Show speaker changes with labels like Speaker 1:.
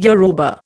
Speaker 1: Yoruba.